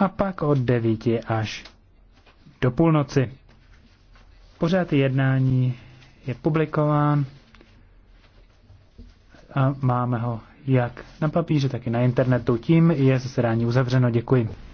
a pak od 9 až do půlnoci. Pořád jednání je publikován a máme ho jak na papíře, tak i na internetu. Tím je zasedání uzavřeno. Děkuji.